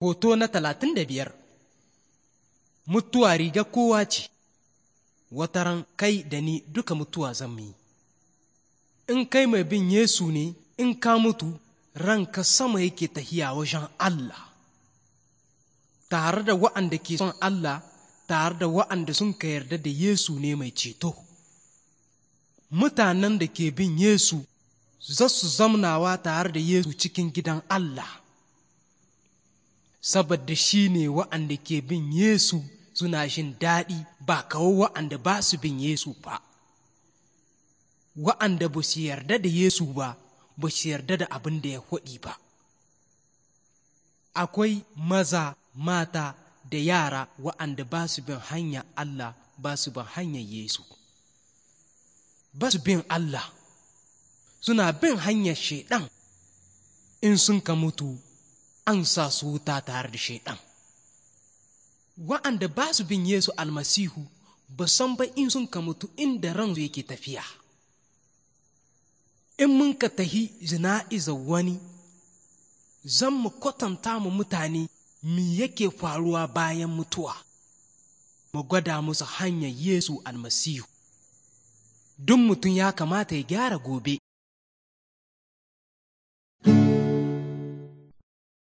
Hoto na talatin da biyar Mutuwa riga kowa ce, Wata ran kai da ni duka mutuwa zan yi. In kai mai bin Yesu ne, in ka mutu, ranka sama yake tahiya wajen Allah. Tare da wa'anda ke son Allah, tare da wa'anda sun ka yarda da Yesu ne mai ceto. Mutanen da ke bin Yesu, za su zamnawa tare da Yesu cikin gidan Allah. saboda shi ne wa'anda ke bin Yesu suna shin daɗi ba kawo wa'anda ba su bin Yesu ba. Wa'anda ba su yarda da Yesu ba, ba su yarda da abin da ya haɗi ba. Akwai maza, mata da yara wa'anda ba su bin hanya Allah ba su bin hanyar Yesu. Ba su bin Allah, suna bin hanyar Shaiɗan in sun ka mutu an sa su wuta tare da shaidan wa'anda ba su bin yesu almasihu ba san ba in sun kamutu inda ransu yake tafiya in mun ka tahi zina'iza wani zan mu kwatanta mu mutane mi yake faruwa bayan mutuwa mu gwada musu hanyar yesu almasihu duk mutum ya kamata ya gyara gobe